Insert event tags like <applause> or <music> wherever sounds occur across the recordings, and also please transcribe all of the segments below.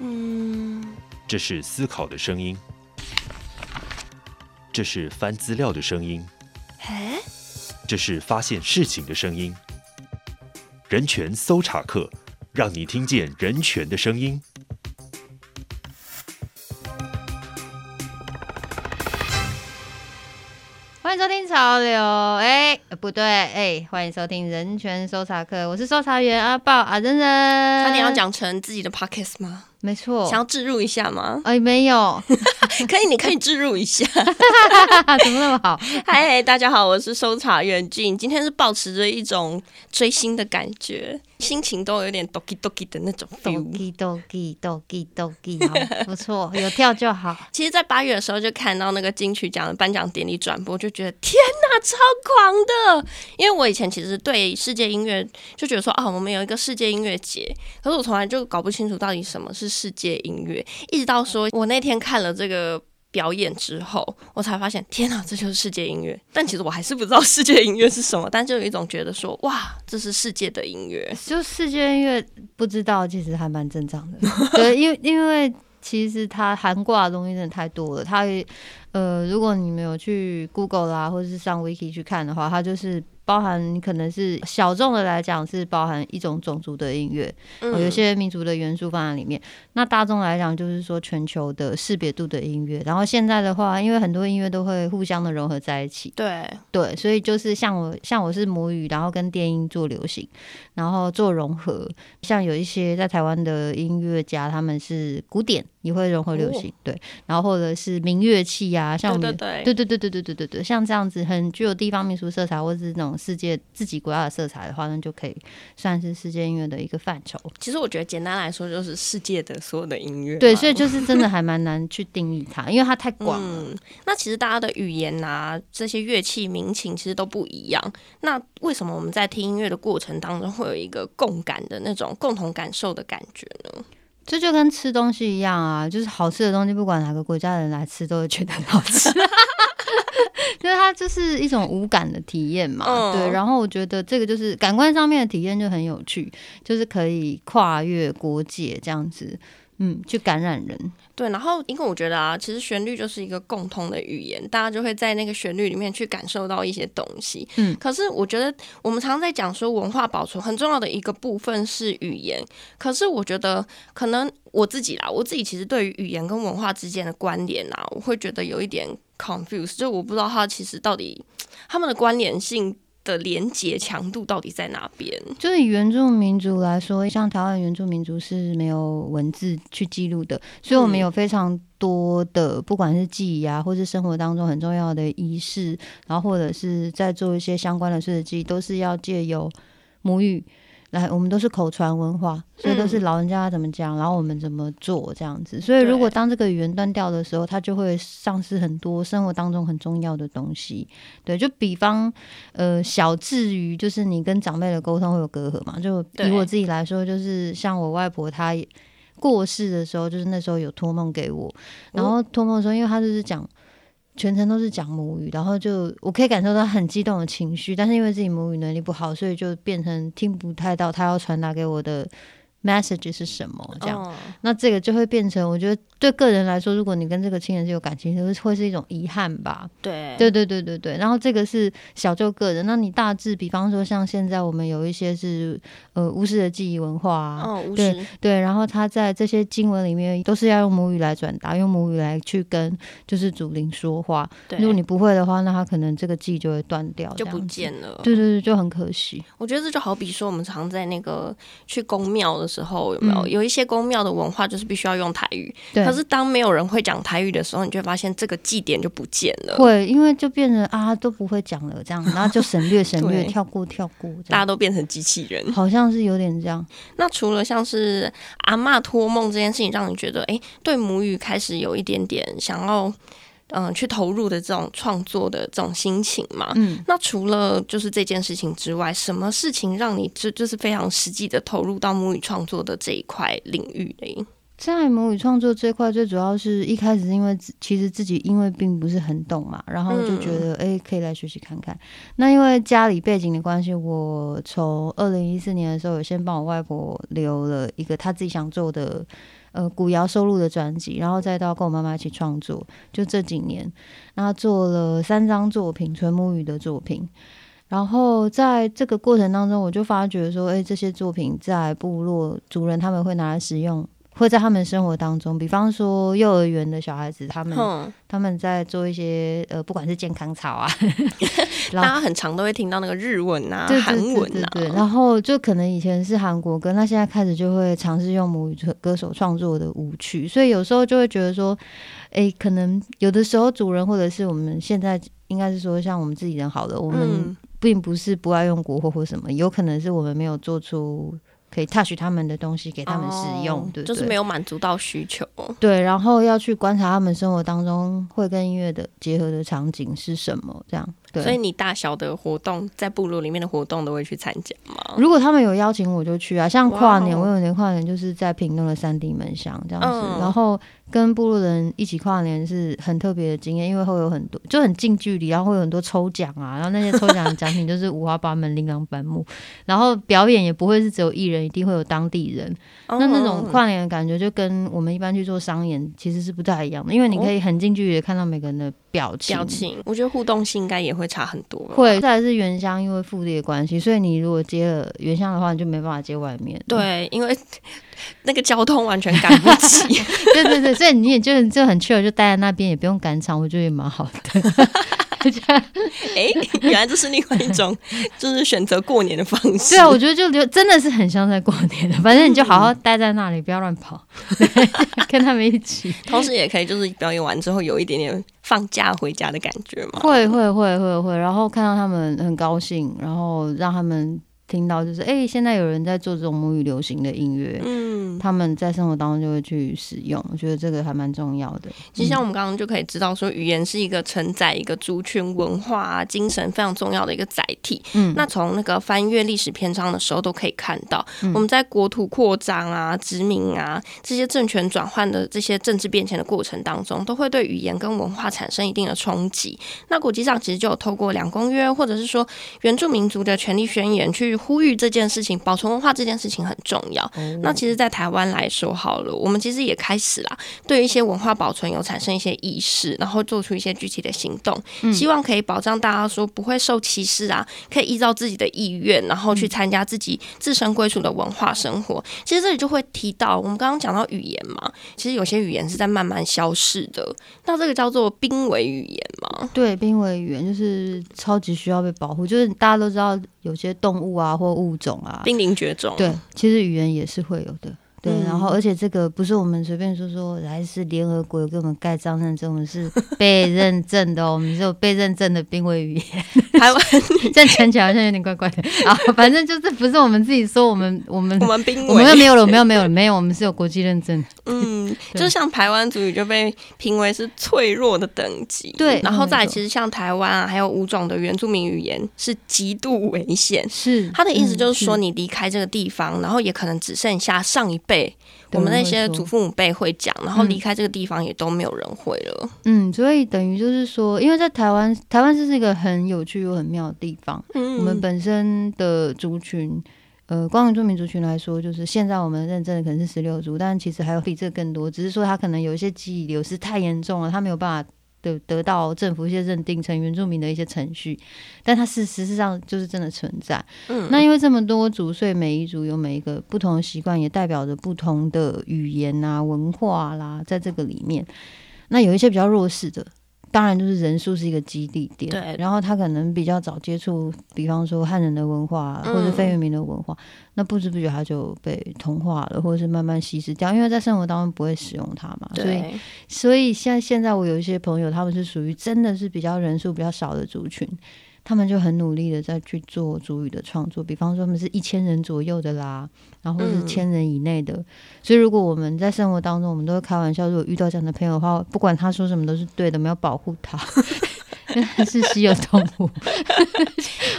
嗯，這是思考的聲音，這是翻資料的聲音，這是發現事情的聲音。人權搜查課，讓你聽見人權的聲音。歡迎收聽潮流。哎。不對，哎、欸，歡迎收聽人權搜查課，我是搜查員阿爆阿仍仍，啊，差點要講成自己的 podcast 嗎？沒錯，想要置入一下嗎？哎、欸，沒有， <laughs> 可以，你可以置入一下， <laughs> <laughs> 怎麼那麼好？嗨，大家好，我是搜查員俊，今天是抱持著一種追星的感覺。 <laughs> 心情都有點 doki doki 的那種，doki doki 好，不錯， <laughs> 有跳就好。其實，在八月的時候就看到那個金曲獎的頒獎典禮轉播，就覺得天哪、啊，超狂的！因為我以前其實對世界音樂就覺得說，哦、啊，我們有一個世界音樂節，可是我從來就搞不清楚到底什麼是世界音樂，一直到說我那天看了這個。表演之後，我才發現，天哪，這就是世界音樂。但其實我還是不知道世界音樂是什麼，但就有一種覺得說，哇，這是世界的音樂。就世界音樂不知道，其實還蠻正常的。對， <laughs> 因為因為其實它涵蓋的東西真的太多了。它呃，如果你沒有去 Google 啦、啊，或者是上 Wiki 去看的話，它就是。包含可能是小眾的來講，是包含一種種族的音樂、嗯，有一些民族的元素放在裡面。那大眾來講就是說全球的識別度的音樂。然後現在的話，因為很多音樂都會互相的融合在一起。對對，所以就是像我，像我是母語，然後跟電音做流行，然後做融合。像有一些在台灣的音樂家，他們是古典，也會融合流行，對，然後或者是民樂器啊，像我們，對對對對對對對對，像這樣子很具有地方民俗色彩，或者是那種世界自己國家的色彩的話，那就可以算是世界音樂的一個範疇。其實我覺得簡單來說，就是世界的所有的音樂。對，所以就是真的還蠻難去定義它，因為它太廣 <laughs> 嗯，那其實大家的語言啊，這些樂器、民情其實都不一樣。那為什麼我們在聽音樂的過程當中，會有一個共感的那種共同感受的感覺呢？這就跟吃東西一樣啊，就是好吃的東西，不管哪個國家的人來吃，都會覺得好吃。 <laughs> 就是它就是一種無感的體驗嘛。哦，對。然後我覺得這個就是感官上面的體驗就很有趣，就是可以跨越國界這樣子。嗯，去感染人。對，然後因為我覺得啊，其實旋律就是一個共通的語言，大家就會在那個旋律裡面去感受到一些東西。嗯，可是我覺得我們常常在講說文化保存很重要的一個部分是語言，可是我覺得可能我自己啦，我自己其實對於語言跟文化之間的關聯啊，我會覺得有一點 confuse，就我不知道它其實到底他們的關聯性。的連接強度到底在哪邊？就以原住民族來說，像台灣原住民族是沒有文字去記錄的，所以我們有非常多的、嗯、不管是記憶啊，或是生活當中很重要的儀式，然後或者是在做一些相關的設計，都是要借由母語來，我們都是口傳文化，所以都是老人家怎麼講、嗯，然後我們怎麼做這樣子。所以，如果當這個語言斷掉的時候，它就會喪失很多生活當中很重要的東西。對，就比方，呃，小至於就是你跟長輩的溝通會有隔閡嘛？就以我自己來說，就是像我外婆她過世的時候，就是那時候有托夢給我，然後托夢的時候，因為她就是講。全程都是講母語，然後就我可以感受到很激動的情緒，但是因為自己母語能力不好，所以就變成聽不太到他要傳達給我的。message 是什麼？這樣，oh. 那這個就會變成，我覺得對個人來說，如果你跟這個親人是有感情，就是會是一種遺憾吧。對，對，對，對，對，然後這個是小就個人，那你大致，比方說像現在我們有一些是呃巫師的記憶文化啊，oh, 巫師對對，然後他在這些經文裡面都是要用母語來轉達，用母語來去跟就是祖靈說話。對，如果你不會的話，那他可能這個記憶就會斷掉，就不見了。對對對，就很可惜。我覺得這就好比說，我們常在那個去宮廟的時候。時候有沒有、嗯、有一些宮廟的文化，就是必須要用台語。可是當沒有人會講台語的時候，你就會發現這個祭典就不見了。會，因為就變成啊都不會講了這樣，然後就省略省略， <laughs> 跳過跳過，大家都變成機器人，好像是有點這樣。那除了像是阿嬤托夢這件事情，讓你覺得哎、欸，對母語開始有一點點想要。嗯，去投入的這種創作的這種心情嘛。嗯，那除了就是這件事情之外，什麼事情讓你就就是非常實際的投入到母語創作的這一塊領域呢？在母語創作這塊，最主要是，一開始是因為其實自己因為並不是很懂嘛，然後就覺得哎、嗯欸，可以來學習看看。那因為家裡背景的關係，我從二零一四年的時候，有先幫我外婆留了一個她自己想做的。呃，古謠收錄的專輯，然後再到跟我媽媽一起創作，就這幾年，那做了三張作品，純母語的作品。然後在這個過程當中，我就發覺說，哎、欸，這些作品在部落族人他們會拿來使用。會在他們生活當中，比方說幼兒園的小孩子，他們、嗯、他們在做一些呃，不管是健康操啊， <laughs> 大家很常都會聽到那個日文啊、韓文啊，對對對對對，然後就可能以前是韓國歌，那現在開始就會嘗試用母語歌手創作的舞曲，所以有時候就會覺得說，哎、欸，可能有的時候主人或者是我們現在應該是說像我們自己人好了，我們並不是不愛用國貨或什麼、嗯，有可能是我們沒有做出。可以 touch 他們的東西，給他們使用，oh, 對，對，對，就是沒有滿足到需求。對，然後要去觀察他們生活當中會跟音樂的結合的場景是什麼，這樣。對，所以你大小的活動，在部落裡面的活動都會去參加嗎？如果他們有邀請，我就去啊。像跨年，wow. 我有年跨年就是在屏東的三地門鄉這樣子，um. 然後。跟部落人一起跨年是很特別的經驗，因為會有很多就很近距離，然後會有很多抽獎啊，然後那些抽獎的獎品就是五花八門、 <laughs> 琳琅滿目，然後表演也不會是只有藝人，一定會有當地人。Oh、那那種跨年的感覺就跟我們一般去做商演其實是不太一樣的，因為你可以很近距離的看到每個人的。表情，表情，我覺得互動性應該也會差很多。會，再來是原鄉，因為腹地的關係，所以你如果接了原鄉的話，你就沒辦法接外面。對，因為那個交通完全趕不及。 <laughs> <laughs> <laughs> 對對對，所以你也就就很 chill，就待在那邊，也不用趕場，我覺得也蠻好的。 <laughs> 哎、 <laughs> 欸，原來這是另外一種， <laughs> 就是選擇過年的方式。對啊，我覺得就真的是很像在過年的，反正你就好好待在那裡，不要亂跑， <laughs> 跟他們一起。 <laughs> 同時也可以就是表演完之後有一點點放假回家的感覺嘛。 <laughs> 會會會會會，然後看到他們很高興，然後讓他們。聽到就是哎、欸，現在有人在做這種母語流行的音樂，嗯，他們在生活當中就會去使用。我覺得這個還蠻重要的。其實像我們剛剛就可以知道說，說語言是一個承載一個族群文化、啊、精神非常重要的一個載體。嗯，那從那個翻閱歷史篇章的時候，都可以看到，嗯、我們在國土擴張啊、殖民啊這些政權轉換的這些政治變遷的過程當中，都會對語言跟文化產生一定的衝擊。那國際上其實就有透過兩公約，或者是說原住民族的權利宣言去。呼籲這件事情，保存文化這件事情很重要。哦、那其實，在台灣來說好了，我們其實也開始啦，對一些文化保存有產生一些意識，然後做出一些具體的行動，嗯，希望可以保障大家說不會受歧視啊，可以依照自己的意願，然後去參加自己自身歸屬的文化生活，嗯。其實這裡就會提到，我們剛剛講到語言嘛，其實有些語言是在慢慢消逝的。那這個叫做瀕危語言嘛，對，瀕危語言就是超級需要被保護，就是大家都知道有些動物啊。啊，或物種啊，瀕臨絕種。對，其實語言也是會有的。對、嗯，然後而且這個不是我們隨便說說，來是聯合國有給我們蓋章認證，我們是被認證的、哦、 <laughs> 我們是有被認證的瀕危語言。台灣 <laughs> 這樣聽起來好像有點怪怪的啊， <laughs> 反正就是不是我們自己說，我們我們我們瀕危沒有了，沒有沒有了沒有，我們是有國際認證的嗯，就像台灣族語就被評為是脆弱的等級，對。然後再來，其實像台灣啊，還有五種的原住民語言是極度危險。是他的意思就是說，你離開這個地方、嗯嗯，然後也可能只剩下上一輩。對我們那些祖父母輩會講，然後離開這個地方也都沒有人會了嗯。嗯，所以等於就是說，因為在台灣，台灣是一個很有趣又很妙的地方。嗯，我們本身的族群，呃，光原住民族群來說，就是現在我們認證的可能是十六族，但其實還有比這個更多。只是說，他可能有一些記憶流失太嚴重了，他沒有辦法。得得到政府一些認定成原住民的一些程序，但它事實上就是真的存在。嗯，那因為這麼多族，所以每一族有每一個不同的習慣，也代表着不同的語言吶、啊、文化啦、啊，在這個裡面，那有一些比較弱勢的。當然，就是人數是一個基地點。對，然後他可能比較早接觸，比方說漢人的文化啊，或者非原民的文化，嗯，那不知不覺他就被同化了，或者是慢慢稀釋掉，因為在生活當中不會使用它嘛。所以，所以現在現在我有一些朋友，他們是屬於真的是比較人數比較少的族群。他們就很努力的在去做族語的創作，比方說他們是一千人左右的啦，然後是千人以內的，嗯。所以如果我們在生活當中，我們都會開玩笑，如果遇到這樣的朋友的話，不管他說什麼都是對的，沒有保護他，他 <laughs> <laughs> <laughs> <laughs> 是稀有動物。 <laughs>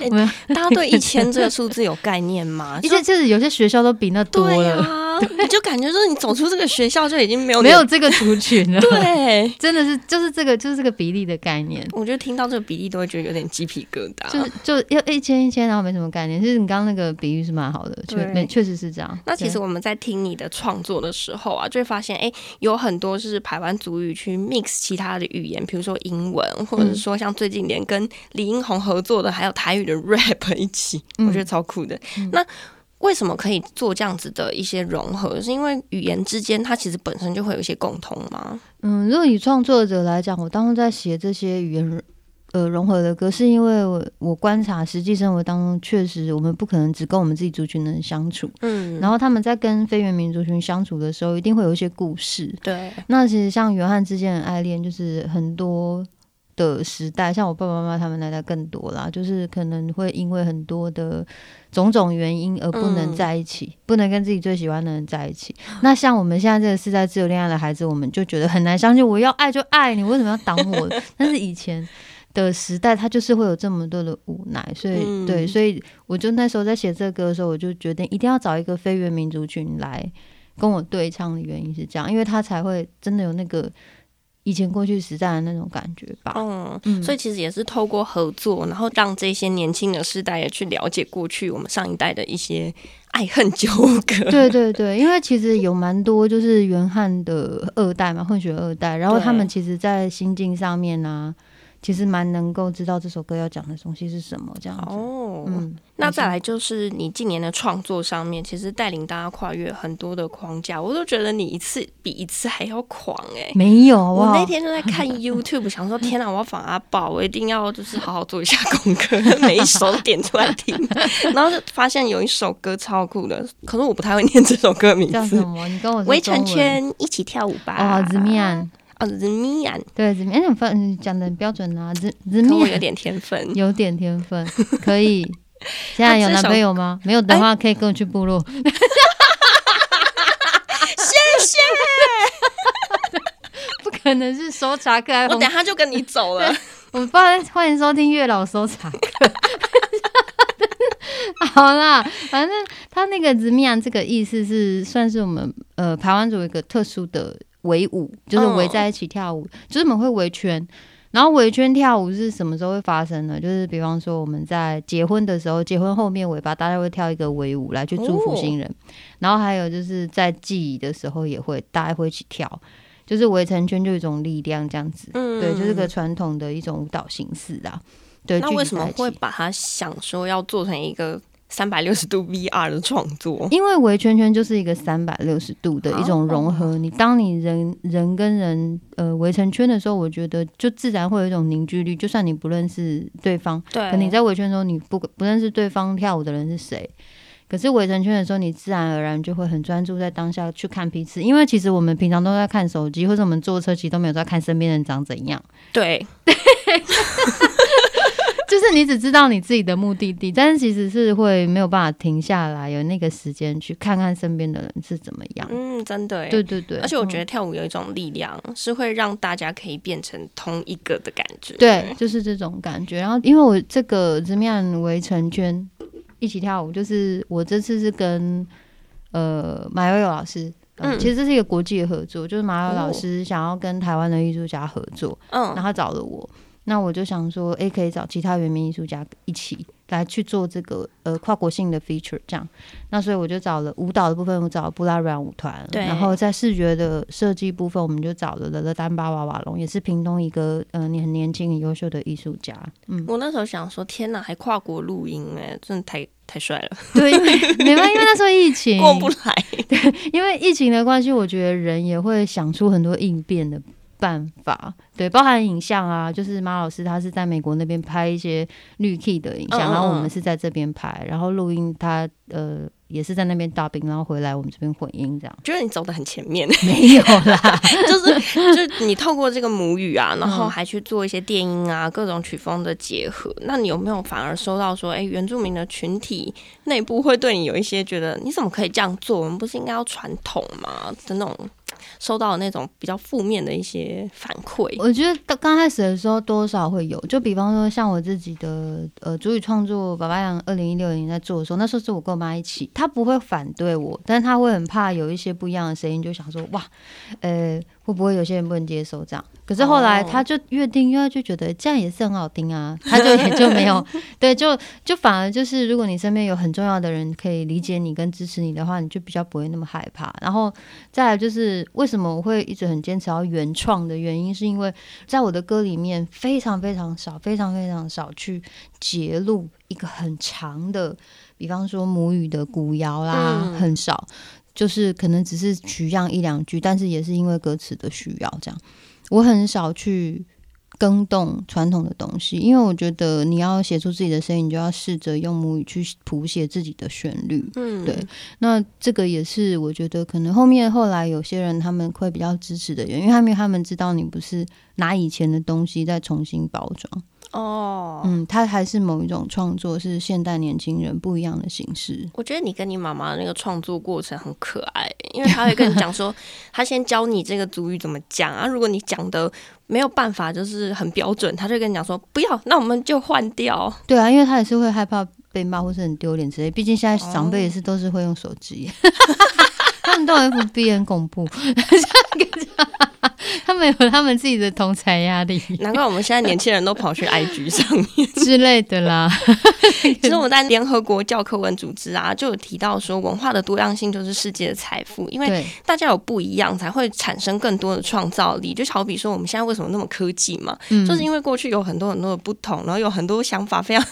欸， <laughs> 大家對一千這個數字有概念嗎？一千就是有些學校都比那多了，啊。 <laughs> 就感覺說，你走出這個學校就已經沒有沒有這個族群了。 <laughs> 對， <laughs> 真的是就是這個就是這個比例的概念。我覺得聽到這個比例都會覺得有點雞皮疙瘩。就是就要一千一千，然後沒什麼概念。就是你剛剛那個比喻是蠻好的，確確實是這樣。那其實我們在聽你的創作的時候啊，就會發現，哎、欸，有很多是排灣族語去 mix 其他的語言，比如說英文，嗯、或者說像最近連跟李英宏合作的，還有台語的 rap 一起，嗯、我覺得超酷的。嗯、那為什麼可以做這樣子的一些融合？是因為語言之間它其實本身就會有一些共通嗎？嗯，如果以創作者來講，我當時在寫這些語言呃融合的歌，是因為我我觀察實際生活當中，確實我們不可能只跟我們自己族群的人相處，嗯，然後他們在跟非原民族群相處的時候，一定會有一些故事，對。那其實像原漢之間的愛戀，就是很多。的時代，像我爸爸媽媽他們那代更多啦，就是可能會因為很多的種種原因而不能在一起，嗯、不能跟自己最喜歡的人在一起。那像我們現在這個世代自由戀愛的孩子，我們就覺得很難相信，我要愛就愛你，為什麼要擋我？ <laughs> 但是以前的時代，他就是會有這麼多的無奈，所以、嗯、對，所以我就那時候在寫這個歌的時候，我就決定一定要找一個非原民族群來跟我對唱的原因是這樣，因為他才會真的有那個。以前過去時代的那種感覺吧。嗯，嗯，所以其實也是透過合作，然後讓這些年輕的世代也去了解過去我們上一代的一些愛恨糾葛。對對對，因為其實有蠻多就是原漢的二代嘛，混血二代，然後他們其實，在心境上面呢、啊。其實蠻能夠知道這首歌要講的東西是什麼，這樣哦、oh, 嗯,那再來就是你近年的創作上面， <laughs> 其實帶領大家跨越很多的框架，我都覺得你一次比一次還要狂哎、欸。沒有，我那天就在看 YouTube， <laughs> 想說天哪，我要訪阿爆，我一定要就是好好做一下功課，每一首點出來聽， <laughs> 然後就發現有一首歌超酷的，可是我不太會念這首歌名字。叫什麼？你跟我圍成圈一起跳舞吧。哦，怎麼樣？m 日 a n 對，日米你講的很標準啊，m 日 a n 有點天分，有點天分， <laughs> 可以。現在有男朋友嗎？沒有的話，可以跟我去部落。欸、 <laughs> 謝謝。 <laughs> 不可能是搜查客，我等下就跟你走了。 <laughs> 我不歡迎收聽月老搜查客。 <laughs> 好啦，反正他那個日米揚這個意思是算是我們呃排灣族一個特殊的。圍舞就是圍在一起跳舞，嗯、就是我們會圍圈，然後圍圈跳舞是什麼時候會發生呢？就是比方說我們在結婚的時候，結婚後面尾巴大家會跳一個圍舞來去祝福新人，哦、然後還有就是在祭儀的時候也會大家會一起跳，就是圍成圈就一種力量這樣子，嗯、對，就是個傳統的一種舞蹈形式啊。對，那為什麼會把它想說要做成一個？三百六十度 VR 的創作，因為圍圈圈就是一個三百六十度的一種融合。啊、你當你人人跟人呃圍成圈的時候，我覺得就自然會有一種凝聚力，就算你不認識對方，對，可你在圍圈的時候你不不認識對方跳舞的人是誰，可是圍成圈的時候，你自然而然就會很專注在當下去看彼此。因為其實我們平常都在看手機，或者我們坐車其實都沒有在看身邊人長怎樣。對。對 <laughs> 就是你只知道你自己的目的地，但是其實是會沒有辦法停下來，有那個時間去看看身邊的人是怎麼樣。嗯，真的。對對對，而且我覺得跳舞有一種力量，嗯，是會讓大家可以變成同一個的感覺。對，就是這種感覺。然後因為我這個怎麼樣，圍成圈一起跳舞，就是我這次是跟呃馬友友老師。嗯，其實這是一個國際的合作，就是馬友老師想要跟台灣的藝術家合作，嗯，然後他找了我。那我就想說，誒、欸，可以找其他原民藝術家一起來去做這個呃跨國性的 feature，這樣。那所以我就找了舞蹈的部分，我找了布拉瑞揚舞團，對。然後在視覺的設計部分，我們就找了磊勒丹巴瓦瓦隆，也是屏東一個呃，你很年輕、很優秀的藝術家。嗯。我那時候想說，天哪，還跨國錄音誒、欸，真的太太帥了。 <laughs> 對，沒辦法，因為那時候疫情過不來。對，因為疫情的關係，我覺得人也會想出很多應變的。辦法。對，包含影像啊，就是馬老師他是在美國那邊拍一些綠 T 的影像。嗯嗯，然後我們是在這邊拍，然後錄音他呃也是在那邊打兵，然後回來我們這邊混音這樣。覺得你走的很前面，沒有啦， <laughs> 就是就是你透過這個母語啊， <laughs> 然後還去做一些電音啊各種曲風的結合，嗯，那你有沒有反而收到說，哎，原住民的群體內部會對你有一些覺得你怎麼可以這樣做？我們不是應該要傳統嗎？這種。收到那種比較負面的一些反饋，我覺得剛開始的時候多少會有。就比方說，像我自己的呃，母語創作《爸爸養》，二零一六年在做的時候，那時候是我跟我媽一起，她不會反對我，但是她會很怕有一些不一樣的聲音，就想說，哇，呃、欸。會不會有些人不能接受這樣？可是後來他就越聽，因為就覺得這樣也是很好聽啊，oh. 他就也就沒有 <laughs> 對，就就反而就是，如果你身邊有很重要的人可以理解你跟支持你的話，你就比較不會那麼害怕。然後再來就是，為什麼我會一直很堅持要原創的原因，是因為在我的歌裡面非常非常少，非常非常少去揭露一個很長的，比方說母語的古謠啦、嗯，很少。就是可能只是取樣一兩句，但是也是因為歌詞的需要這樣。我很少去更動傳統的東西，因為我覺得你要寫出自己的聲音，你就要試着用母語去譜寫自己的旋律。嗯，對。那這個也是我覺得可能後面後來有些人他們會比較支持的原因，因為後面他們知道你不是拿以前的東西再重新包裝。哦、oh.，嗯，他還是某一種創作，是現代年輕人不一樣的形式。我覺得你跟你媽媽的那個創作過程很可愛，因為他會跟你講說， <laughs> 他先教你這個族語怎麼講啊，如果你講的沒有辦法，就是很標準，他就跟你講說，不要，那我們就換掉。對啊，因為他也是會害怕被罵或是很丟臉之類，畢竟現在長輩也是都是會用手機，看到 F B，很恐怖。 <laughs> <laughs> 他們有他們自己的同儕壓力，難怪我們現在年輕人都跑去 IG 上面 <laughs> 之類的啦。 <laughs> 其實我們在聯合國教科文組織啊，就有提到說，文化的多樣性就是世界的財富，因為大家有不一樣，才會產生更多的創造力。就好比說，我們現在為什麼那麼科技嘛、嗯，就是因為過去有很多很多的不同，然後有很多想法非常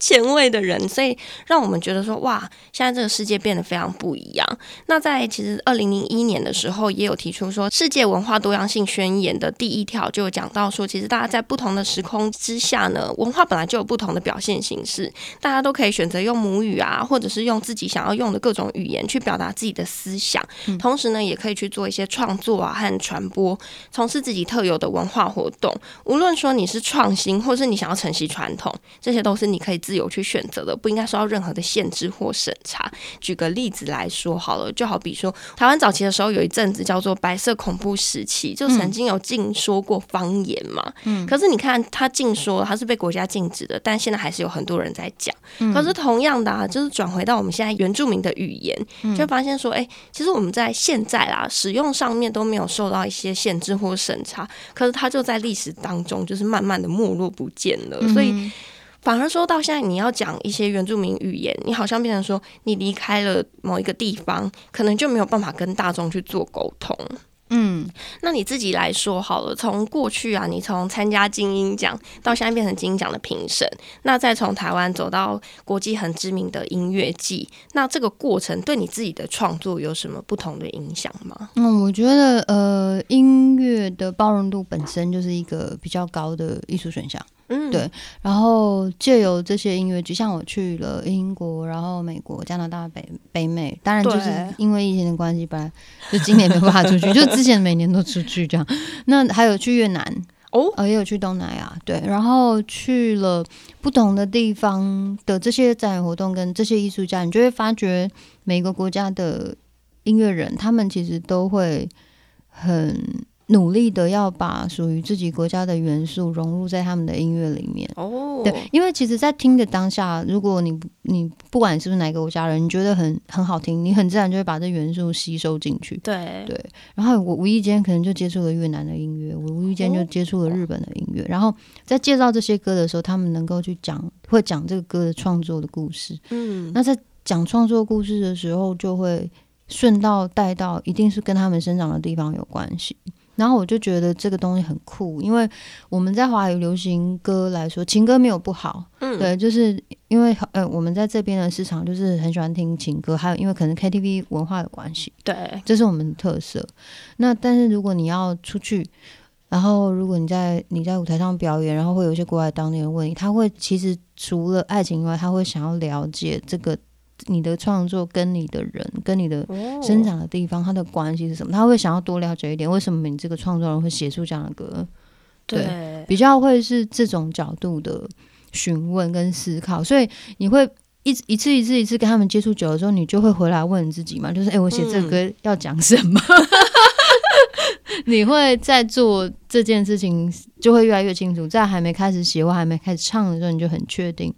前衛的人，所以讓我們覺得說，哇，現在這個世界變得非常不一樣。那在其實二零零一年的時候，也有提出說，世界文化多樣性。宣言的第一條就講到說，其實大家在不同的時空之下呢，文化本來就有不同的表現形式。大家都可以選擇用母語啊，或者是用自己想要用的各種語言去表達自己的思想、嗯，同時呢，也可以去做一些創作啊和傳播，從事自己特有的文化活動。無論說你是創新，或是你想要承襲傳統，這些都是你可以自由去選擇的，不應該受到任何的限制或審查。舉個例子來說好了，就好比說台灣早期的時候有一陣子叫做白色恐怖時期，就、嗯、是。曾經有禁說過方言嘛、嗯？可是你看他禁說，他是被國家禁止的，但現在還是有很多人在講。可是同樣的啊，嗯、就是轉回到我們現在原住民的語言，就發現說，哎、欸，其實我們在現在啦使用上面都沒有受到一些限制或審查，可是他就在歷史當中就是慢慢的沒落不見了。嗯、所以反而說到現在，你要講一些原住民語言，你好像變成說你離開了某一個地方，可能就沒有辦法跟大眾去做溝通。嗯，那你自己來說好了。從過去啊，你從參加金音獎到現在變成金音獎的評審，那再從台灣走到國際很知名的音樂祭，那這個過程對你自己的創作有什麼不同的影響嗎？嗯，我覺得呃，音樂的包容度本身就是一個比較高的藝術選項。嗯，對。然後借由這些音樂就像我去了英國，然後美國、加拿大、北北美，當然就是因為疫情的關係，本來就今年沒辦法出去， <laughs> 就之前每年都出去這樣。那還有去越南哦，也有去東南亞。對，然後去了不同的地方的這些展覽活動跟這些藝術家，你就會發覺每個國家的音樂人，他們其實都會很。努力的要把屬於自己國家的元素融入在他們的音樂裡面。哦、oh.，對，因為其實，在聽的當下，如果你你不管是不是哪個國家人，你覺得很很好聽，你很自然就會把這元素吸收進去。對對。然後我無意間可能就接觸了越南的音樂，oh. 我無意間就接觸了日本的音樂。Oh. 然後在介紹這些歌的時候，他們能夠去講，會講這個歌的創作的故事。嗯、mm.，那在講創作故事的時候，就會順道帶到，一定是跟他們生長的地方有關係。然後我就覺得這個東西很酷，因為我們在華語流行歌來說，情歌沒有不好，嗯，對，就是因為呃，我們在這邊的市場就是很喜歡聽情歌，還有因為可能 KTV 文化有關係，對，這是我們的特色。那但是如果你要出去，然後如果你在你在舞台上表演，然後會有一些國外當地人問你，他會其實除了愛情以外，他會想要了解這個。你的創作跟你的人、跟你的生長的地方，他、哦、的關係是什麼？他會想要多了解一點，為什麼你這個創作人會寫出這樣的歌？對，對，比較會是這種角度的詢問跟思考。所以你會一次一次一次一次跟他們接觸久了之後，你就會回來問自己嘛，就是哎、欸，我寫這首歌要講什麼？嗯、 <laughs> 你會在做這件事情就會越來越清楚，在還沒開始寫我還沒開始唱的時候，你就很確定。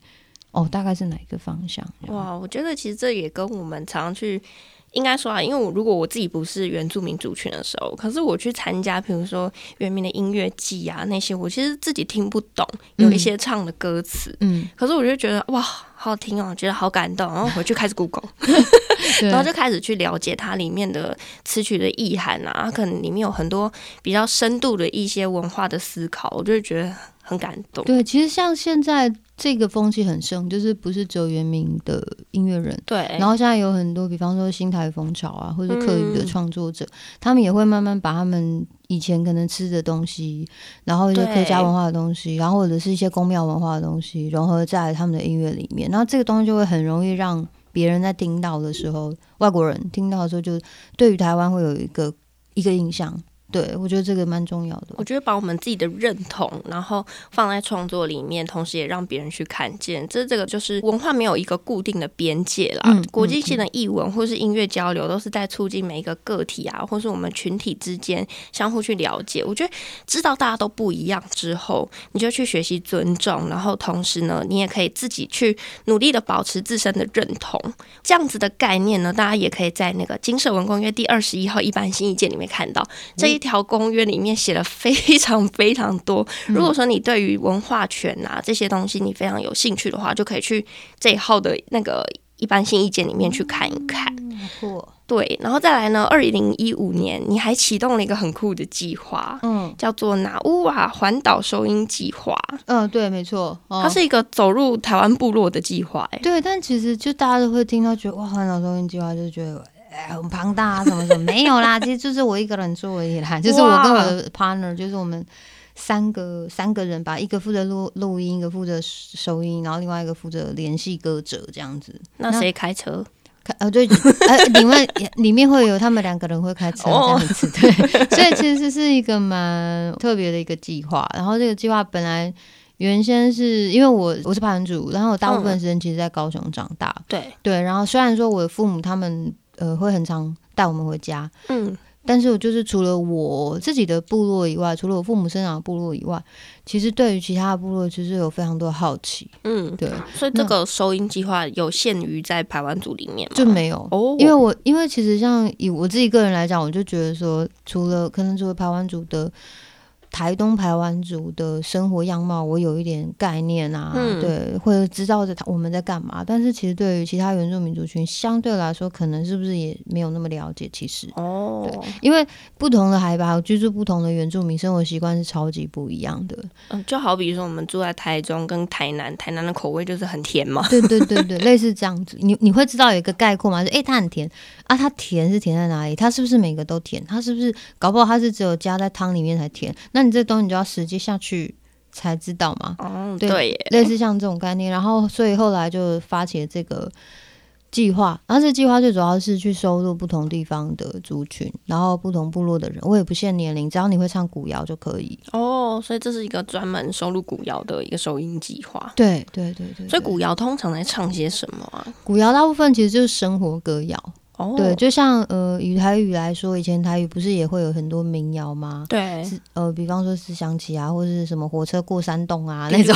哦，大概是哪一個方向？哇，我覺得其實這也跟我們常，常去，應該說啊，因為我如果我自己不是原住民族群的時候，可是我去參加，比如說原民的音樂祭啊那些，我其實自己聽不懂、嗯、有一些唱的歌詞，嗯，可是我就覺得哇，好，好聽哦，覺得好感動，嗯、然後我回去開始 Google， <laughs> <laughs> 然後就開始去了解它裡面的詞曲的意涵啊，可能裡面有很多比較深度的一些文化的思考，我就會覺得很感動。對，其實像現在。這個風氣很盛，就是不是只有原民的音樂人，對。然後現在有很多，比方說新台風潮啊，或者客語的創作者、嗯，他們也會慢慢把他們以前可能吃的東西，然後一些客家文化的東西，然後或者是一些宮廟文化的東西，融合在他們的音樂裡面。然後這個東西就會很容易讓別人在聽到的時候，外國人聽到的時候，就對於台灣會有一個一個印象。對，我覺得這個蠻重要的。我覺得把我們自己的認同，然後放在創作裡面，同時也讓別人去看見，這這個就是文化沒有一個固定的邊界啦。嗯嗯嗯、國際性的藝文或是音樂交流，都是在促進每一個個體啊，或是我們群體之間相互去了解。我覺得知道大家都不一樣之後，你就去學習尊重，然後同時呢，你也可以自己去努力的保持自身的認同。這樣子的概念呢，大家也可以在那個《經社文公約》第二十一號一般性意見裡面看到，嗯、這一。條公約裡面寫了非常非常多。嗯、如果說你對於文化權啊這些東西，你非常有興趣的話，就可以去這一號的那個一般性意見裡面去看一看。嗯、好酷。對，然後再來呢，二零一五年你還啟動了一個很酷的計劃，嗯，叫做那屋瓦環島收音計劃。嗯，對，沒錯、哦，它是一個走入台灣部落的計劃。哎，對，但其實就大家都會聽到，覺得哇，環島收音計劃就是覺得。欸、很龐大啊，什麼什麼沒有啦，其實就是我一個人做而已啦， <laughs> 就是我跟我的 partner，就是我們三個三個人吧，一個負責錄錄音，一個負責收音，然後另外一個負責聯繫歌者這樣子。那誰開車？開，呃，對，呃，裡面裡面會有他們兩個人會開車這樣子， <laughs> 哦、對，所以其實是一個蠻特別的一個計劃。然後這個計劃本來原先是因為我我是排灣族，然後我大部分時間其實在高雄長大，對、嗯、對，然後雖然說我的父母他們。呃，會很常帶我們回家，嗯，但是我就是除了我自己的部落以外，除了我父母生長的部落以外，其實對於其他的部落其實有非常多好奇，嗯，對，所以這個收音計劃有限於在排灣族裡面嗎？就沒有哦，因為我因為其實像以我自己個人來講，我就覺得說，除了可能作為排灣族的。台東排灣族的生活樣貌，我有一點概念啊，嗯、對，會知道我們在幹嘛。但是其實對於其他原住民族群，相對來說，可能是不是也沒有那麼了解。其實哦，對，因為不同的海拔居住，不同的原住民生活習慣是超級不一樣的。嗯，就好比說我們住在台中跟台南，台南的口味就是很甜嘛。對對對對， <laughs> 類似這樣子。你你會知道有一個概括嗎？就哎、欸，它很甜啊，它甜是甜在哪裡？它是不是每個都甜？它是不是搞不好它是只有加在湯裡面才甜？但你這東西你就要實際下去才知道嘛。哦對，對，類似像這種概念，然後所以後來就發起了這個計劃。然後這計劃最主要是去收入不同地方的族群，然後不同部落的人，我也不限年齡，只要你會唱古謠就可以。哦，所以這是一個專門收入古謠的一個收音計劃。對對，對對對對。所以古謠通常在唱些什麼啊？古謠大部分其實就是生活歌謠。Oh. 對，就像呃，以台語來說，以前台語不是也會有很多民謠嗎？對是，呃，比方說思想起啊，或者什麼火車過山洞啊丁丁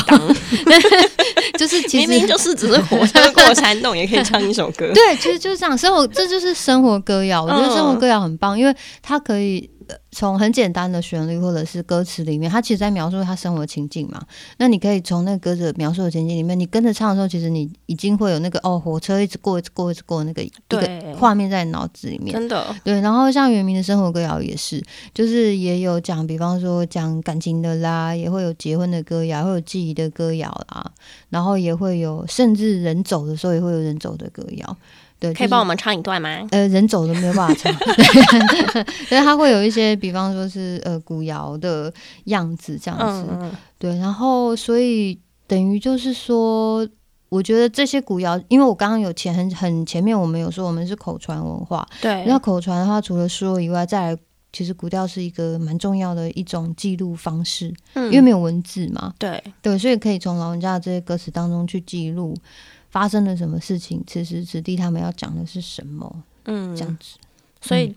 那種 <laughs> <laughs> 就是其實明明就是只是火車過山洞也可以唱一首歌。 <laughs> 對，其實就是這樣，生活這就是生活歌謠， <laughs> 我覺得生活歌謠很棒，因為它可以。從很簡單的旋律或者是歌詞裡面，他其實在描述他生活情境嘛。那你可以從那個歌者描述的情景裡面，你跟着唱的時候，其實你已經會有那個哦，火車一直過、一直過、一直過、過那個對畫面在腦子裡面。真的對。然後像原民的生活歌謠也是，就是也有講，比方說講感情的啦，也會有結婚的歌謠，會有記憶的歌謠啦，然後也會有，甚至人走的時候也會有人走的歌謠。可以幫我們唱一段嗎？就是、呃，人走了沒有辦法唱，所 <laughs> 以對 <laughs> 它會有一些，比方說是呃古謠的樣子這樣子。嗯、對，然後所以等於就是說，我覺得這些古謠，因為我剛剛有前很很前面我們有說，我們是口傳文化。對，那口傳的話，除了說以外，再來其實古調是一個蠻重要的一種記錄方式、嗯，因為沒有文字嘛。對對，所以可以從老人家的這些歌詞當中去記錄。發生了什麼事情？此時此地，他們要講的是什麼？嗯，這樣子，嗯、所以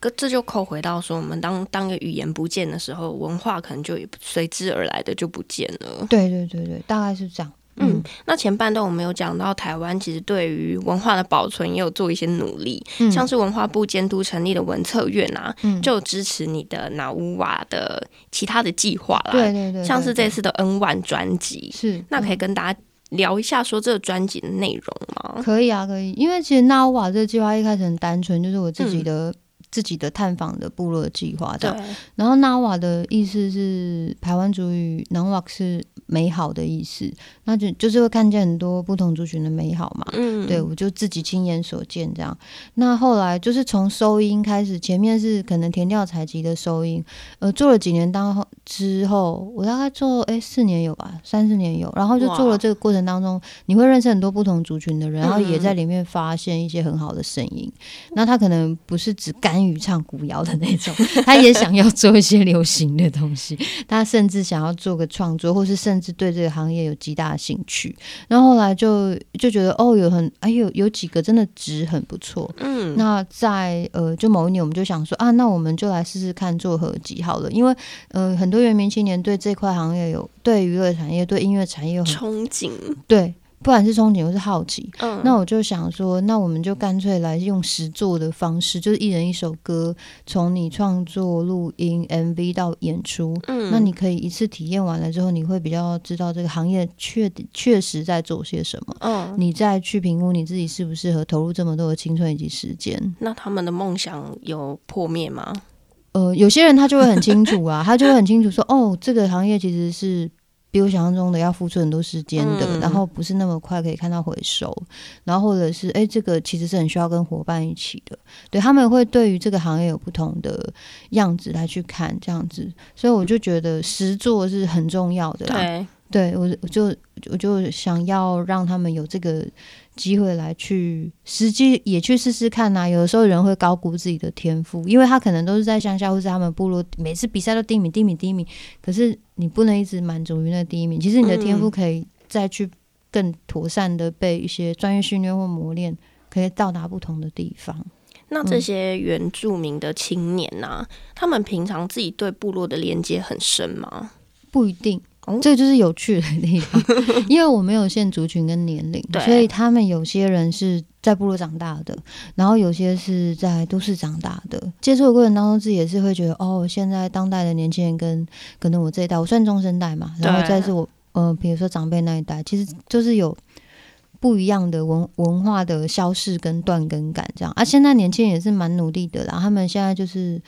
這就扣回到說，我們當當個語言不見的時候，文化可能就隨之而來的就不見了。對對對對，大概是這樣。嗯，嗯，那前半段我們有講到台灣其實對於文化的保存也有做一些努力，嗯、像是文化部監督成立的文策院啊，嗯、就有支持你的那屋瓦的其他的計劃啦。對對，對對對，像是這次的 N One 專輯，是、嗯、那可以跟大家。聊一下說這個專輯的內容嗎？可以啊，可以，因為其實那屋瓦這個計劃一開始很單純，就是我自己的、嗯。自己的探訪的部落計劃這樣，然後那屋瓦的意思是排灣族語，Nanguaq 是美好的意思，那就就是會看見很多不同族群的美好嘛，嗯，對，我就自己親眼所見這樣。那後來就是從收音開始，前面是可能田調採集的收音，呃，做了幾年當後之後，我大概做哎四、欸、年有吧，三四年有，然後就做了這個過程當中，你會認識很多不同族群的人，然後也在裡面發現一些很好的聲音嗯嗯。那他可能不是只干語唱古謠的那種，他也想要做一些流行的東西， <laughs> 他甚至想要做個創作，或是甚至對這個行業有極大興趣。然後後來就就覺得，哦，有很，哎呦，有幾個真的值很不錯。嗯，那在呃，就某一年，我們就想說啊，那我們就來試試看做合輯好了，因為呃，很多原民青年對這塊行業有對娛樂產業、對音樂產業有憧憬，對。不管是憧憬或是好奇，嗯，那我就想說，那我們就乾脆來用實作的方式，就是一人一首歌，從你創作、錄音、MV 到演出，嗯，那你可以一次體驗完了之後，你會比較知道這個行業確確實在做些什麼，嗯，你再去評估你自己適不適合投入這麼多的青春以及時間。那他們的夢想有破滅嗎？呃，有些人他就會很清楚啊， <laughs> 他就會很清楚說，哦，這個行業其實是。比我想象中的要付出很多時間的，然後不是那麼快可以看到回收，嗯、然後或者是誒、欸，這個其實是很需要跟夥伴一起的，對，他們會對於這個行業有不同的樣子來去看，這樣子，所以我就覺得實作是很重要的啦，對，對我我就我就想要讓他們有這個機會來去實際也去試試看吶、啊，有的時候人會高估自己的天賦，因為他可能都是在鄉下或者他們部落，每次比賽都第一名，第一名，第一名，可是。你不能一直滿足於那第一名，其實你的天賦可以再去更妥善的被一些專業訓練或磨練，可以到達不同的地方，嗯。那這些原住民的青年吶，啊，他們平常自己對部落的連接很深嗎？不一定。哦、這個，就是有趣的地方，因為我沒有限族群跟年齡， <laughs> 所以他們有些人是在部落長大的，然後有些是在都市長大的。接觸的過程當中，自己也是會覺得，哦，現在當代的年輕人跟可能我這一代，我算中生代嘛，然後再是我，呃，比如說長輩那一代，其實就是有不一樣的文文化的消逝跟斷根感這樣。啊，現在年輕人也是蠻努力的啦，然後他們現在就是。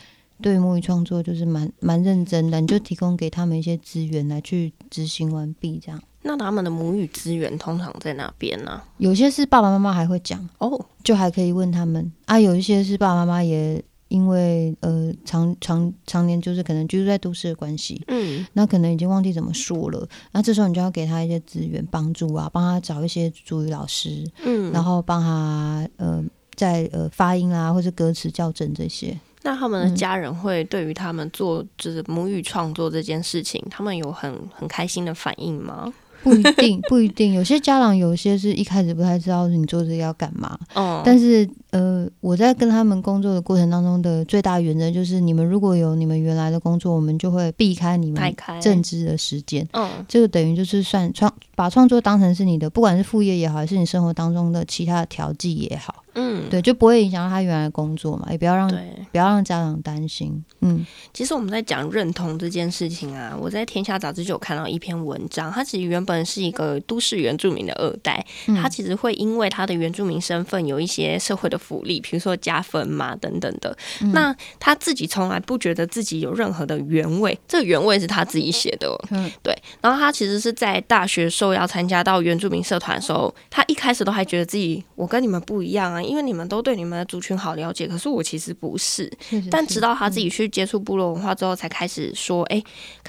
對母語創作就是蠻蠻認真的，你就提供給他們一些資源來去執行完畢這樣。那他們的母語資源通常在哪邊呢、啊？有些是爸爸媽媽還會講哦，就還可以問他們啊。有一些是爸爸媽媽也因為呃，常常常年就是可能居住在都市的關係，嗯，那可能已經忘記怎麼說了。那這時候你就要給他一些資源幫助啊，幫他找一些母語老師，嗯，然後幫他呃在呃發音啊或者歌詞校正這些。那他們的家人會對於他們做就是母語創作這件事情，嗯、他們有很很開心的反應嗎？ <laughs> 不一定，不一定。有些家長，有些是一開始不太知道你做這個要幹嘛，嗯。但是，呃，我在跟他們工作的過程當中的最大原則就是：你們如果有你們原來的工作，我們就會避開你們正職的時間。嗯。這個等於就是算創，把創作當成是你的，不管是副業也好，還是你生活當中的其他的調劑也好。嗯。對，就不會影響到他原來的工作嘛，也不要讓不要讓家長擔心。嗯，其實我們在講認同這件事情啊。我在《天下雜誌》就有看到一篇文章，他其實原本是一個都市原住民的二代，他其實會因為他的原住民身份有一些社會的福利，比如說加分嘛等等的。那他自己從來不覺得自己有任何的原味，這個原味是他自己寫的。嗯，對。然後他其實是在大學受邀參加到原住民社團的時候，他一開始都還覺得自己我跟你們不一樣啊，因為你們都對你們的族群好了解，可是我其實不是。但直到他自己去。接觸部落文化之後，才開始說，哎、欸，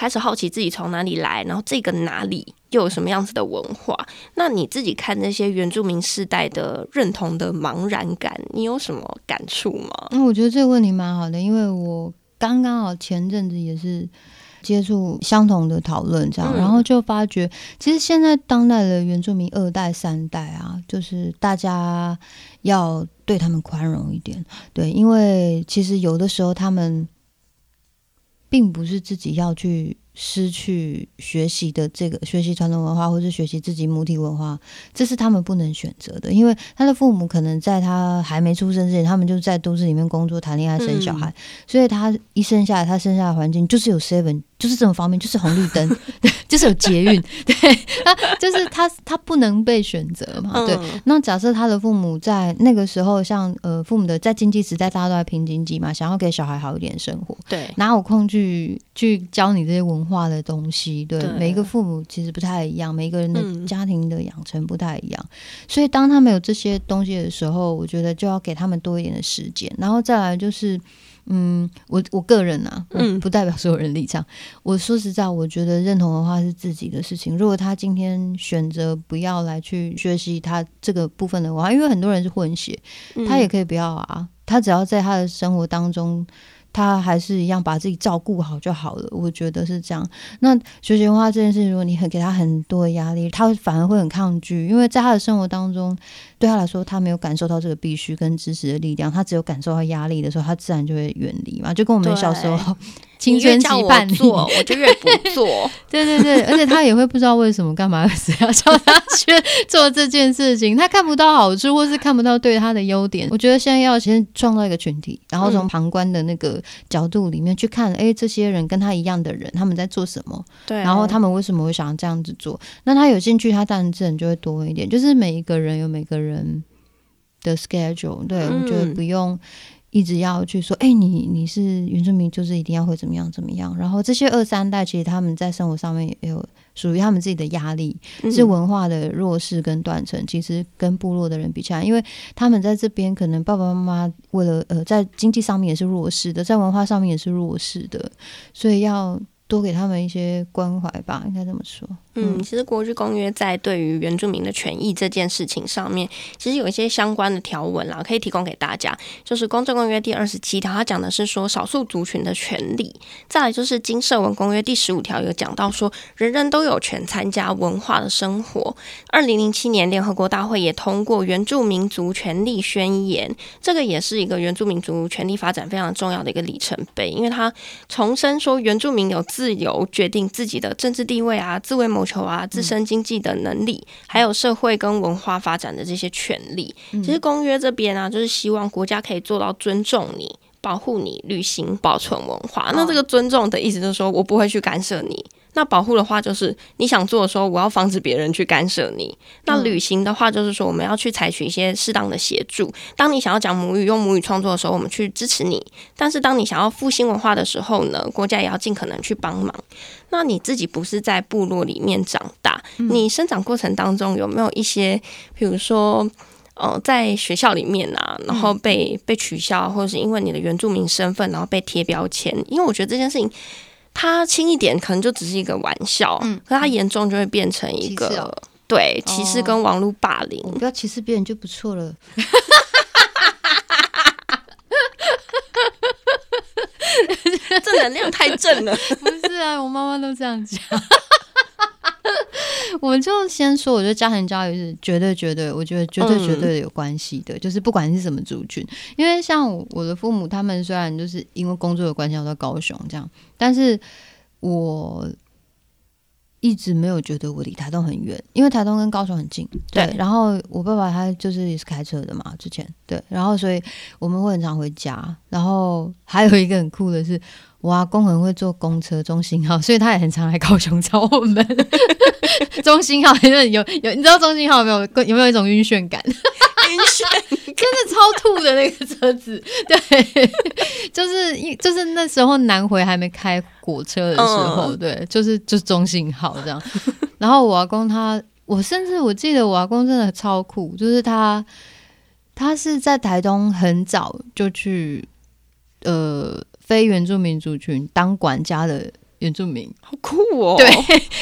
開始好奇自己從哪裡來，然後這個哪裡又有什麼樣子的文化？那你自己看那些原住民世代的認同的茫然感，你有什麼感觸嗎？那、嗯、我覺得這個問題蠻好的，因為我剛剛好前陣子也是接觸相同的討論，這樣、嗯，然後就發覺，其實現在當代的原住民二代、三代啊，就是大家要對他們寬容一點，對，因為其實有的時候他們。並不是自己要去失去學習的這個學習傳統文化，或者學習自己母體文化，這是他們不能選擇的，因為他的父母可能在他還沒出生之前，他們就在都市裡面工作、談戀愛、生小孩，嗯、所以他一生下來，他生下來的環境就是有 seven。就是這種方面，就是紅綠燈，對， <laughs> <laughs> 就是有捷運，對他，就是他他不能被選擇嘛，對。嗯、那假設他的父母在那個時候像，像呃，父母的在經濟時代，大家都在拼經濟嘛，想要給小孩好一點生活，對，哪有空去去教你這些文化的東西對？對，每一個父母其實不太一樣，每一個人的家庭的養成不太一樣，嗯，所以當他們有這些東西的時候，我覺得就要給他們多一點的時間，然後再來就是。嗯，我我個人啊，嗯，不代表所有人立場，嗯。我說實在，我覺得認同的話是自己的事情。如果他今天選擇不要來去學習他這個部分的話，因為很多人是混血，他也可以不要啊。他只要在他的生活當中，他還是一樣把自己照顧好就好了，我覺得是這樣。那學習文化這件事情，如果你很給他很多壓力，他反而會很抗拒，因為在他的生活當中，對他來說，他沒有感受到這個必須跟知識的力量，他只有感受到壓力的時候，他自然就會遠離嘛，就跟我們小時候。你你越叫我做，我就越不做。 <laughs> 對對對，而且他也會不知道為什麼幹嘛，要死要叫他去做這件事情，他看不到好處，或是看不到對他的優點。我覺得現在要先創造一個群體，然後從旁觀的那個角度裡面去看，哎、嗯，這些人跟他一樣的人，他們在做什麼？對、啊，然後他們為什麼會想這樣子做？那他有興趣，他當然自然就會多一點。就是每一個人有每個人的 schedule，對，我覺得不用。一直要去說，哎、欸，你你是原住民，就是一定要會怎麼樣怎麼樣。然後這些二三代，其實他們在生活上面也有屬於他們自己的壓力、嗯，是文化的弱勢跟斷層。其實跟部落的人比起來，因為他們在這邊，可能爸爸媽媽為了呃在經濟上面也是弱勢的，在文化上面也是弱勢的，所以要多給他們一些關懷吧。應該這麼說。嗯，其實《國際公約》在對於原住民的權益這件事情上面，其實有一些相關的條文啦，可以提供給大家。就是《公政公約》第二十七條，它講的是說少數族群的權利；再來就是《經社文公約》第十五條，有講到說人人都有權參加文化的生活。二零零七年，聯合國大會也通過《原住民族權利宣言》，這個也是一個原住民族權利發展非常重要的一個里程碑，因為他重申說原住民有自由決定自己的政治地位啊，自衛謀。求啊，自身經濟的能力、嗯，還有社會跟文化發展的這些權利。嗯、其實公約這邊啊，就是希望國家可以做到尊重你、保護你、履行保存文化、哦。那這個尊重的意思就是說，我不會去干涉你。那保護的話，就是你想做的時候，我要防止別人去干涉你。嗯、那履行的話，就是說我們要去採取一些適當的協助。當你想要講母語、用母語創作的時候，我們去支持你。但是，當你想要復興文化的時候呢，國家也要盡可能去幫忙。那你自己不是在部落裡面長大，嗯、你生長過程當中有沒有一些，比如說，呃，在學校裡面啊，然後被、嗯、被取消，或者是因為你的原住民身份，然後被貼標籤？因為我覺得這件事情。他輕一點可能就只是一個玩笑，嗯、可他嚴重就會變成一個、喔、對歧視跟網絡霸凌。哦、不要歧視別人就不錯了。正 <laughs> 能 <laughs> <laughs> <laughs> 量太正了， <laughs> 不是啊？我媽媽都這樣講。 <laughs> 我就先說，我覺得家庭教育是絕對、絕對，我覺得絕對、絕對有關係的。嗯。就是不管是什麼族群，因為像我的父母，他們雖然就是因為工作的關係，我在高雄這樣，但是我。一直沒有覺得我離台東很遠，因為台東跟高雄很近。對，對然後我爸爸他就是也是開車的嘛，之前對，然後所以我們會很常回家。然後還有一個很酷的是，我阿公很會坐公車中興號，所以他也很常來高雄找我們。 <laughs> 中興號，有有你知道中興號有沒有？有沒有一種暈眩感？ <laughs> <laughs> 真的超吐的那個車子， <laughs> 對，就是一就是那時候南回還沒開火車的時候，對，就是就中興號這樣。然後我阿公他，我甚至我記得我阿公真的超酷，就是他，他是在台東很早就去呃非原住民族群當管家的。原住民好酷哦！對，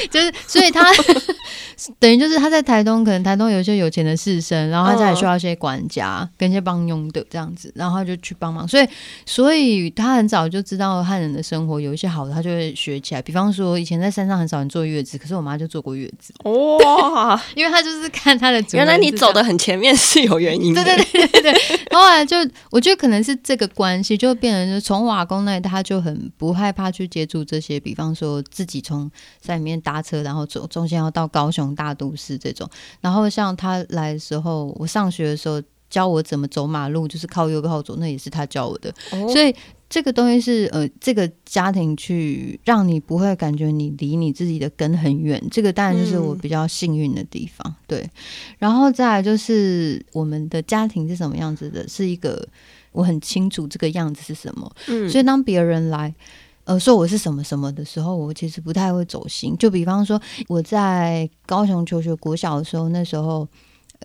就是所以他 <laughs> 等於就是他在台東，可能台東有一些有錢的士紳，然後他家裡需要一些管家、哦、跟一些幫佣的這樣子，然後他就去幫忙。所以，所以他很早就知道漢人的生活有一些好的，他就會學起來。比方說，以前在山上很少人坐月子，可是我媽就坐過月子哦、啊，因為他就是看他的主人。原來你走得很前面是有原因的， <laughs> 對,對對對對對。後來就我覺得可能是這個關係，就變成就從瓦工那他就很不害怕去接觸這些比方說，自己從山裡面搭車，然後走，中間要到高雄大都市這種。然後像他來的時候，我上學的時候教我怎麼走馬路，就是靠右靠左，那也是他教我的。哦，所以這個東西是呃，這個家庭去讓你不會感覺你離你自己的根很遠。這個當然就是我比較幸運的地方，嗯。對，然後再來就是我們的家庭是什麼樣子的，是一個我很清楚這個樣子是什麼。嗯，所以當別人來，呃，說我是什麼什麼的時候，我其實不太會走心。就比方說，我在高雄求學國小的時候，那時候，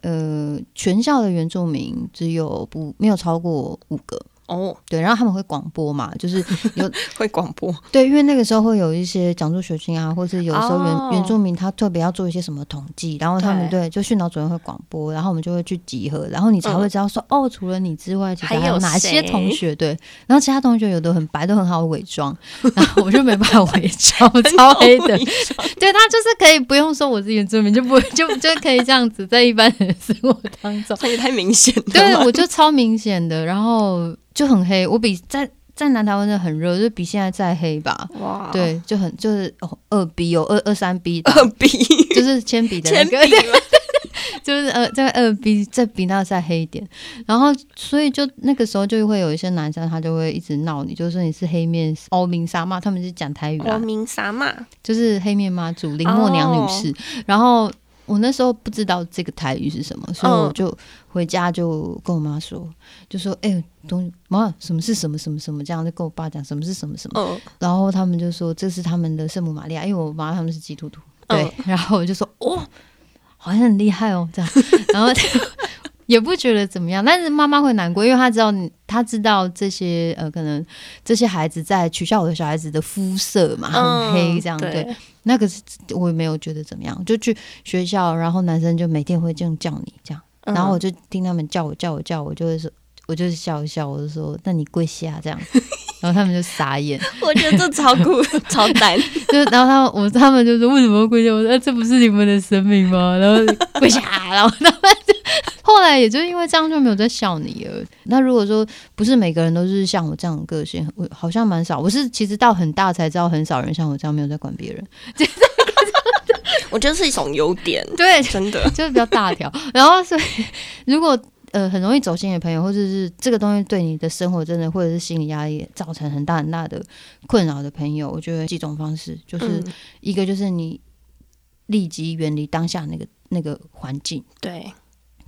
呃，全校的原住民只有不沒有超過五個。哦、oh.，對，然後他們會廣播嘛，就是有 <laughs> 會廣播，對，因為那個時候會有一些獎助學金啊，或者有時候原、oh. 原住民他特別要做一些什麼統計，然後他們對，對就訓導主任會廣播，然後我們就會去集合，然後你才會知道說、嗯、哦，除了你之外，還有哪些同學對，然後其他同學有的很白，都很好偽裝， <laughs> 然後我就沒辦法偽裝，超黑的， <laughs> 對他就是可以不用說我是原住民，就不會就就可以這樣子在一般人生活當中， <laughs> 太明顯，對，我就超明顯的，然後。就很黑，我比在在南台灣的很熱，就比現在再黑吧。哇，對，就很就是、哦、二 B 有二二三 B 二 B，就是鉛筆的那個， <laughs> 就是呃，就這個二 B 再比那再黑一點。然後，所以就那個時候就會有一些男生他就會一直鬧你，就說你是黑面歐明沙媽，他們是講台語的、啊，歐明沙媽就是黑面媽祖林默娘女士，哦、然後。我那時候不知道這個台語是什麼，所以我就回家就跟我媽說、嗯，就說：“哎、欸，東媽，什麼是什麼什麼什麼？”這樣就跟我爸講什麼是什麼什麼，嗯、然後他們就說這是他們的聖母瑪利亞，因為我媽他們是基督徒，對、嗯。然後我就說：“哦，好像很厲害哦。”這樣，然後。 <laughs> <laughs> 也不覺得怎麼樣，但是媽媽會難過，因為她知道，她知道這些呃，可能這些孩子在取笑我的小孩子的膚色嘛、嗯，很黑這樣對，對。那個是，我也沒有覺得怎麼樣，就去學校，然後男生就每天會這樣叫你這樣，嗯、然後我就聽他們叫我叫我叫我，我就會說，我就是笑一笑，我就說，那你跪下這樣。 <laughs> 然後他們就傻眼，我覺得這超酷 <laughs> 超呆。就是，然後他們我他們就說為什麼會跪下？我說，啊，這不是你們的神明嗎？然後跪下，然後他們就後來也就因為這樣就沒有再笑你了。那如果說不是每個人都是像我這樣的個性，我好像蠻少。我是其實到很大才知道很少人像我這樣沒有在管別人。 <laughs> 我覺得是一種優點，對，真的就是比較大條。然後，所以如果。呃，很容易走心的朋友，或者是，是這個東西對你的生活真的，或者是心理壓力造成很大很大的困擾的朋友，我覺得幾種方式，就是、嗯、一個就是你立即遠離當下那個那個環境，對，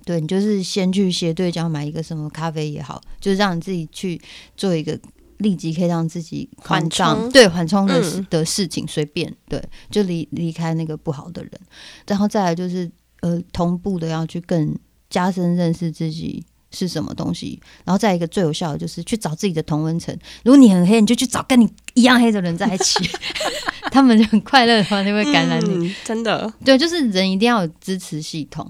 對你就是先去斜對角買一個什麼咖啡也好，就是讓你自己去做一個立即可以讓自己緩衝，對緩衝的的事情，隨、嗯、便，對，就離離開那個不好的人，然後再來就是呃同步的要去更。加深認識自己是什麼東西，然後再一個最有效的就是去找自己的同溫層。如果你很黑，你就去找跟你一樣黑的人在一起， <laughs> 他們就很快樂的話，就會感染你、嗯。真的，對，就是人一定要有支持系統。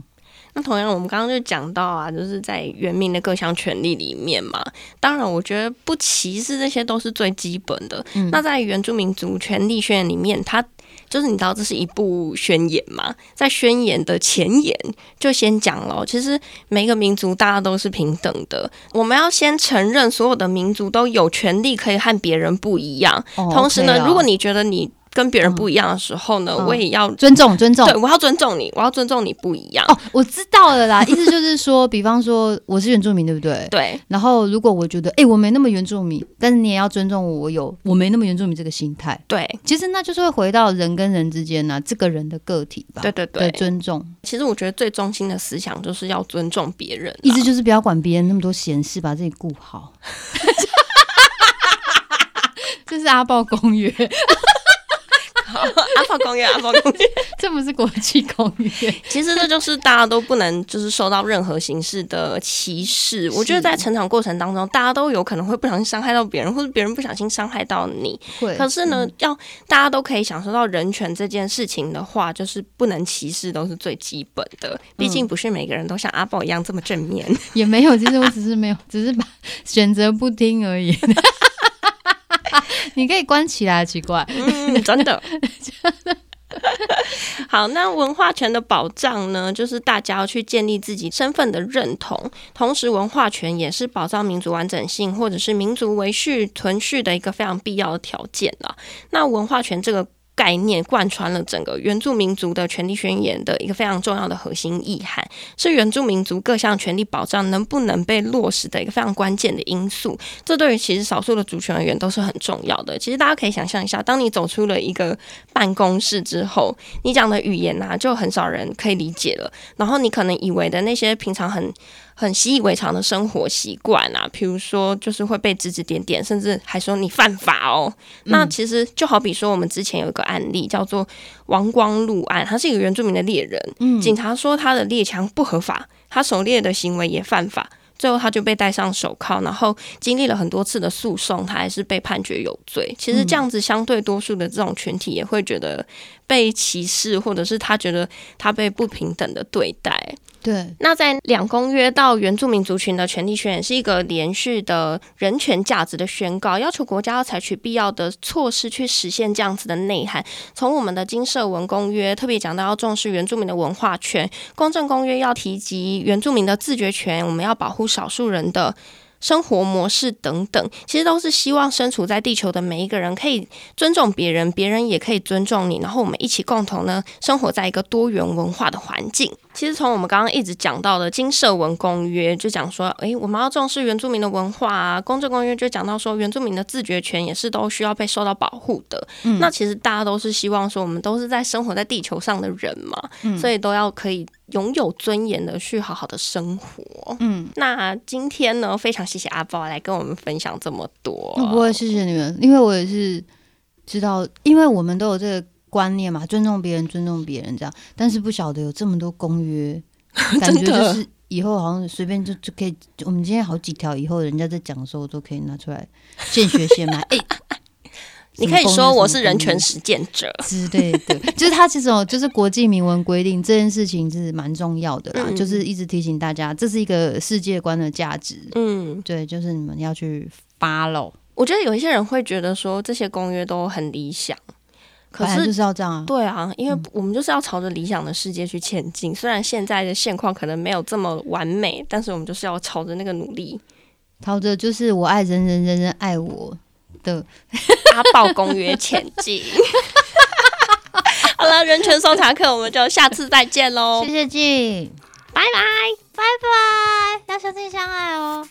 那同樣，我們剛剛就講到啊，就是在原民的各項權利裡面嘛，當然我覺得不歧視這些都是最基本的。嗯、那在原住民族權利宣言裡面，他……就是你知道，這是一部宣言嘛？在宣言的前言就先講了，其實每一個民族大家都是平等的。我們要先承認所有的民族都有權利可以和別人不一樣、哦 okay 啊。同時呢，如果你覺得你……跟別人不一樣的時候呢，嗯、我也要尊重尊重，對，我要尊重你，我要尊重你不一樣哦。我知道了啦，意思就是說， <laughs> 比方說我是原住民，對不對？對。然後如果我覺得，哎、欸，我沒那麼原住民，但是你也要尊重我有我沒那麼原住民這個心態。對，其實那就是會回到人跟人之間吶、啊，這個人的個體吧。對對對，對，尊重。其實我覺得最中心的思想就是要尊重別人、啊，意思就是不要管別人那麼多閒事，把自己顧好。 <laughs> <laughs> <laughs> 這是阿爆公約。 <laughs> 好，阿爆公園，阿爆公園，這不是國際公園。 <laughs> 其實這就是大家都不能就是受到任何形式的歧視。我覺得在成長過程當中，大家都有可能會不小心傷害到別人，或者別人不小心傷害到你。會，可是呢，要大家都可以享受到人權這件事情的話，就是不能歧視，都是最基本的。畢竟不是每個人都像阿爆一樣這麼正面。嗯，也沒有，其實我只是沒有， <laughs> 只是把選擇不聽而已。啊、你可以關起來，奇怪，嗯、真的。 <laughs> 好，那文化權的保障呢？就是大家要去建立自己身份的認同，同時文化權也是保障民族完整性或者是民族維續存續的一個非常必要的條件了。那文化權這個概念貫穿了整個原住民族的權利宣言的一個非常重要的核心意涵，是原住民族各項權利保障能不能被落實的一個非常關鍵的因素。這對於其實少數的主權而言都是很重要的。其實大家可以想象一下，當你走出了一個辦公室之後，你講的語言吶、啊，就很少人可以理解了。然後你可能以為的那些平常很。很習以為常的生活習慣啊，譬如說就是會被指指點點，甚至還說你犯法哦。嗯，那其實就好比說我們之前有一個案例叫做王光祿案，他是一個原住民的獵人。嗯，警察說他的獵槍不合法，他狩獵的行為也犯法，最後他就被戴上手銬，然後經歷了很多次的訴訟，他還是被判決有罪。其實這樣子相對多數的這種群體也會覺得被歧視，或者是他覺得他被不平等的對待。對，那在兩公約到原住民族群的權利宣言是一個連續的人權價值的宣告，要求國家要採取必要的措施去實現這樣子的內涵。從我們的《經社文公約》特別講到要重視原住民的文化權，《公政公約》要提及原住民的自決權，我們要保護少數人的生活模式等等，其實都是希望身處在地球的每一個人可以尊重別人，別人，別人也可以尊重你，然後我們一起共同呢生活在一個多元文化的環境。其實從我們剛剛一直講到的《經社文公約》，就講說，哎、欸，我們要重視原住民的文化啊。《公政公約》就講到說，原住民的自決權也是都需要被受到保護的，嗯。那其實大家都是希望說，我們都是在生活在地球上的人嘛，嗯，所以都要可以擁有尊嚴的去好好的生活。嗯，那今天呢，非常謝謝阿爆來跟我們分享這麼多。不會謝謝你們，因為我也是知道，因為我們都有這個。觀念嘛，尊重別人，尊重別人這樣，但是不曉得有這麼多公約，感覺就是以後好像隨便就就可以。我們今天好幾條，以後人家在講的時候，我都可以拿出來現學現賣。哎、 <laughs> 欸，你可以說我是人權實踐者，是，對，對， <laughs> 就是他其實就是國際明文規定這件事情是蠻重要的啦、嗯，就是一直提醒大家，這是一個世界觀的價值。嗯，對，就是你們要去 follow。我覺得有一些人會覺得說，這些公約都很理想。可是就是要這樣啊！對啊，因為我們就是要朝着理想的世界去前進，嗯。雖然現在的現況可能沒有這麼完美，但是我們就是要朝着那個努力，朝着就是“我愛人人，人人愛我”的《阿爆公約》 <laughs> 前進。好了，人權搜查課，我們就下次再見嘍！謝謝靜，拜拜，拜拜，要相親相愛哦！